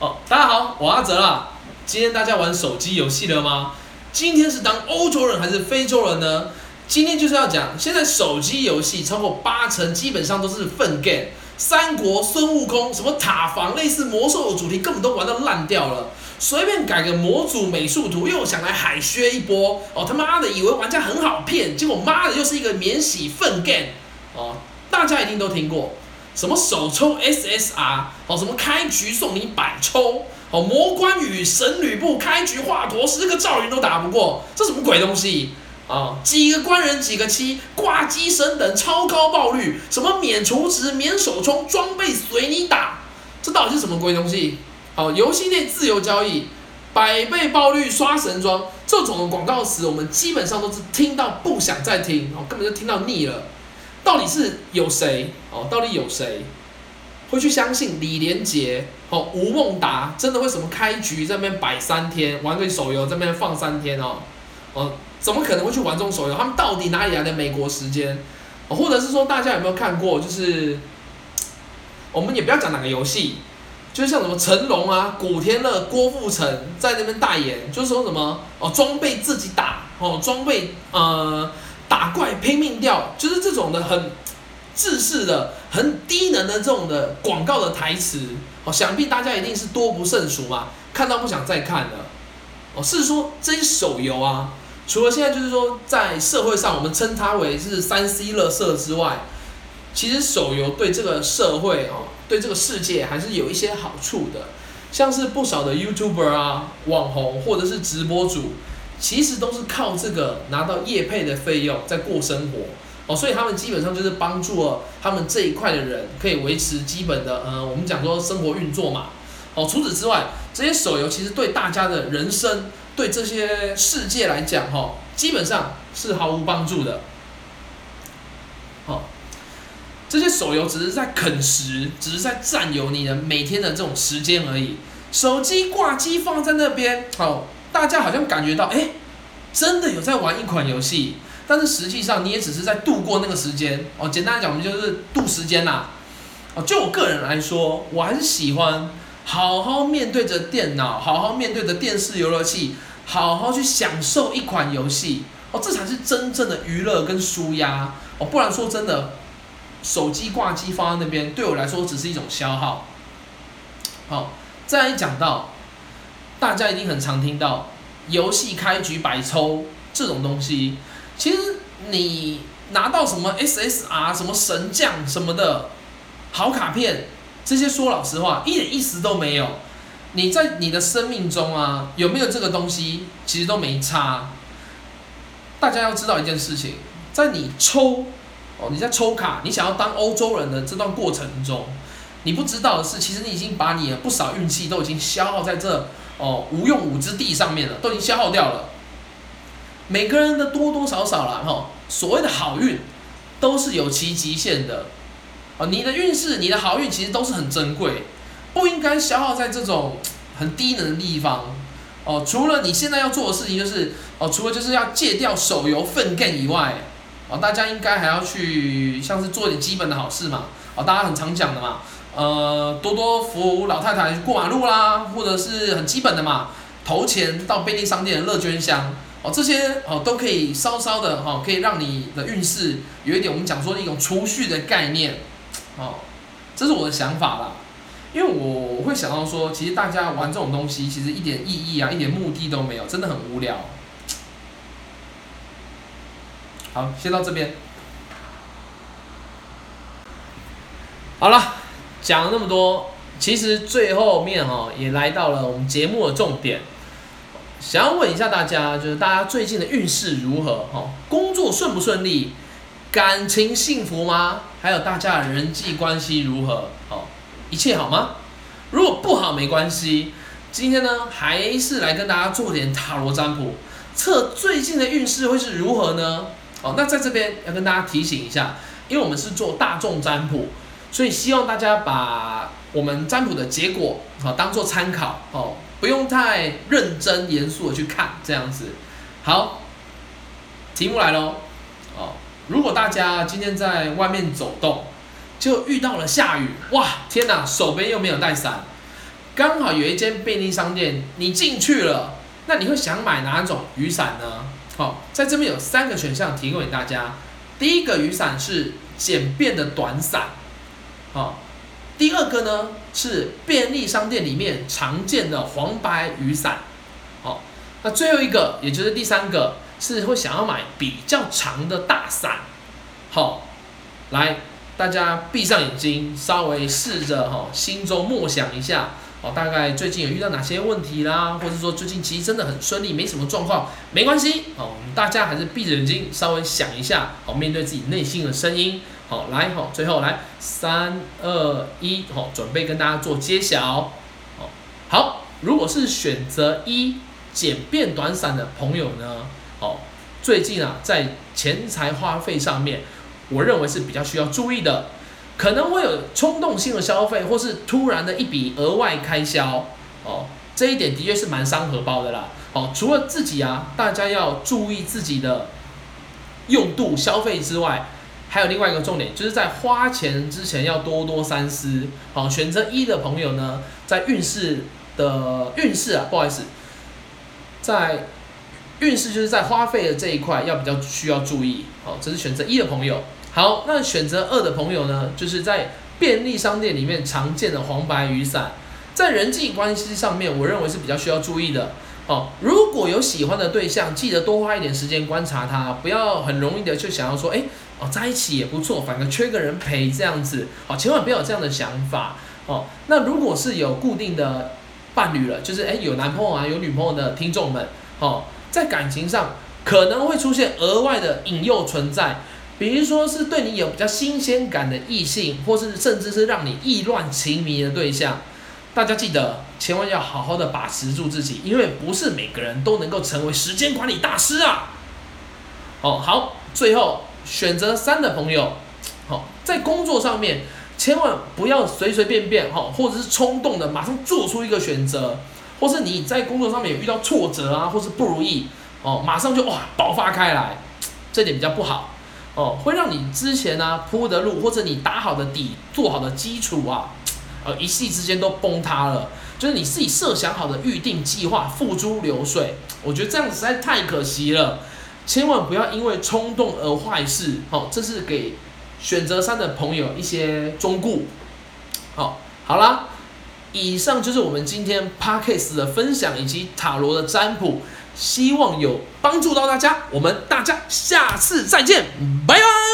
哦，大家好，我阿哲啊。今天大家玩手機遊戲了嗎？今天是當歐洲人還是非洲人呢？今天就是要講，現在手機遊戲超過八成基本上都是糞 game，三國、孫悟空、什麼塔防、類似魔獸的主題，根本都玩到爛掉了。隨便改個模組美術圖，又想來海削一波。哦，他媽的，以為玩家很好騙，結果媽的又是一個免洗糞 game。哦，大家一定都聽過。什麼首抽 SSR，哦，什麼開局送你百抽，哦，魔關羽、神呂布、開局華佗、十個趙雲都打不過，這什麼鬼東西？哦，幾個官人幾個七，掛機神等超高爆率，什麼免充值、免首充，裝備隨你打，這到底是什麼鬼東西？哦，遊戲內自由交易，百倍爆率刷神裝，這種的廣告詞我們基本上都是聽到不想再聽，哦，根本就聽到膩了。到底是有誰哦？到底有誰會去相信李連杰、哦吳孟達？真的會什麼開局在那邊擺三天，玩個手遊在那邊放三天哦？哦，怎麼可能會去玩這種手遊？他們到底哪裡來的美國時間、哦？或者是說大家有沒有看過？就是我們也不要講哪個遊戲，就是像什麼成龍啊、古天樂、郭富城在那邊代言，就是說什麼哦裝備自己打哦裝備呃。打怪拼命掉，就是這種的很的，自私的很低能的這種的廣告的台詞，哦，想必大家一定是多不勝數嘛，啊，看到不想再看了，哦，是說，這些手遊啊，除了現在就是說在社會上我們稱它為是三 C 垃圾之外，其實手遊對這個社會哦，對這個世界還是有一些好處的，像是不少的 YouTuber 啊、網紅或者是直播主，其實都是靠這個拿到業配的費用在過生活哦，所以他們基本上就是幫助了他們這一塊的人可以維持基本的，呃，我們講說生活運作嘛。哦，除此之外，這些手遊其實對大家的人生，對這些世界來講，哈，基本上是毫無幫助的。好，這些手遊只是在啃食，只是在佔有你的每天的這種時間而已。手機掛機放在那邊，大家好像感覺到，哎、欸，真的有在玩一款遊戲，但是實際上你也只是在度過那個時間哦。簡單講，我們就是度時間啦。哦，就我個人來說，我很喜歡好好面對着電腦，好好面對着電視遊樂器，好好去享受一款遊戲哦，這才是真正的娛樂跟舒壓哦。不然說真的，手機掛機放在那邊，對我來說只是一種消耗。好、哦，再來講到。大家一定很常聽到遊戲開局百抽這種東西，其實你拿到什麼 SSR、什麼神將、什麼的好卡片，這些說老實話一點意思都沒有，你在你的生命中啊，有沒有這個東西，其實都沒差。大家要知道一件事情，在你抽哦，你在抽卡，你想要當歐洲人的這段過程中，你不知道的是，其實你已經把你的不少運氣都已經消耗在這。哦，無用武之地上面了，都已經消耗掉了。每個人的多多少少啦，哦，所謂的好運，都是有其極限的。哦，你的運勢，你的好運其實都是很珍貴，不應該消耗在這種很低能的地方。哦，除了你現在要做的事情，就是哦，除了就是要戒掉手遊糞 Game 以外。哦，大家應該還要去像是做一點基本的好事嘛。哦，大家很常講的嘛。呃，多多扶老太太過馬路啦，或者是很基本的嘛，投錢到便利商店的樂捐箱。哦，這些哦都可以稍稍的哈，可以讓你的運勢有一點我們講說的一種儲蓄的概念。哦，這是我的想法啦，因為我會想到說，其實大家玩這種東西，其實一點意義啊，一點目的都沒有，真的很無聊。好，先到這邊。好了，講了那麼多，其實最後面哦，也來到了我們節目的重點。想要問一下大家，就是大家最近的運勢如何？哦，工作順不順利？感情幸福嗎？還有大家的人際關係如何？哦，一切好嗎？如果不好沒關係。今天呢，還是來跟大家做點塔羅占卜，測最近的運勢會是如何呢？哦，那在這邊要跟大家提醒一下，因為我們是做大眾占卜，所以希望大家把我們占卜的結果啊當做參考哦，不用太認真嚴肅的去看這樣子。好，題目來嘍。哦，如果大家今天在外面走動，就遇到了下雨，哇，天哪，手邊又沒有帶傘，剛好有一間便利商店，你進去了，那你會想買哪種雨傘呢？好，在這邊有三個選項提供給大家。第一個雨傘是簡便的短傘，好；第二個呢是便利商店裡面常見的黃白雨傘，好；那最後一個，也就是第三個，是會想要買比較長的大傘，好。來，大家閉上眼睛，稍微試着哦，心中默想一下。好，大概最近有遇到哪些問題啦？或者說最近其實真的很順利，沒什麼狀況，沒關係。哦，我們大家還是閉着眼睛，稍微想一下，好，面對自己內心的聲音。好，來，好，最後來三二一，3, 2, 1，好，準備跟大家做揭曉。好，如果是選擇一，簡便短散的朋友呢？好，最近啊，在錢財花費上面，我認為是比較需要注意的。可能會有衝動性的消費，或是突然的一筆額外開銷哦，這一點的確是蠻傷荷包的啦。哦，除了自己啊，大家要注意自己的用度消費之外，還有另外一個重點，就是在花錢之前要多多三思。好、哦，選擇一的朋友呢，在運勢的運勢啊，不好意思，在運勢就是在花費的這一塊要比較需要注意。好、哦，這是選擇一的朋友。好，那選擇二的朋友呢，就是在便利商店裡面常見的黃白雨傘，在人際關係上面，我認為是比較需要注意的。哦，如果有喜歡的對象，記得多花一點時間觀察他，不要很容易的就想要說，哎、欸，哦，在一起也不錯，反正缺個人陪這樣子。哦，千萬不要有這樣的想法。哦，那如果是有固定的伴侶了，就是、欸、有男朋友啊，有女朋友的聽眾們，哦，在感情上可能會出現額外的引誘存在。比如說是對你有比較新鮮感的異性，或是甚至是讓你意亂情迷的對象，大家記得千萬要好好的把持住自己，因為不是每個人都能夠成為時間管理大師啊。哦，好，最後選擇三的朋友，好，哦，在工作上面千萬不要隨隨便便哦，或者是衝動的馬上做出一個選擇，或是你在工作上面有遇到挫折啊，或是不如意哦，馬上就哇爆發開來，這點比較不好。哦，會讓你之前呢、啊、鋪的路，或者你打好的底、做好的基礎啊，呃，一夕之間都崩塌了。就是你自己設想好的預定計劃付諸流水，我覺得這樣子實在太可惜了。千萬不要因為衝動而壞事，哦，這是給選擇三的朋友一些忠告。好，好啦，以上就是我們今天 Podcast 的分享以及塔羅的占卜。希望有幫助到大家，我們大家下次再見，拜拜。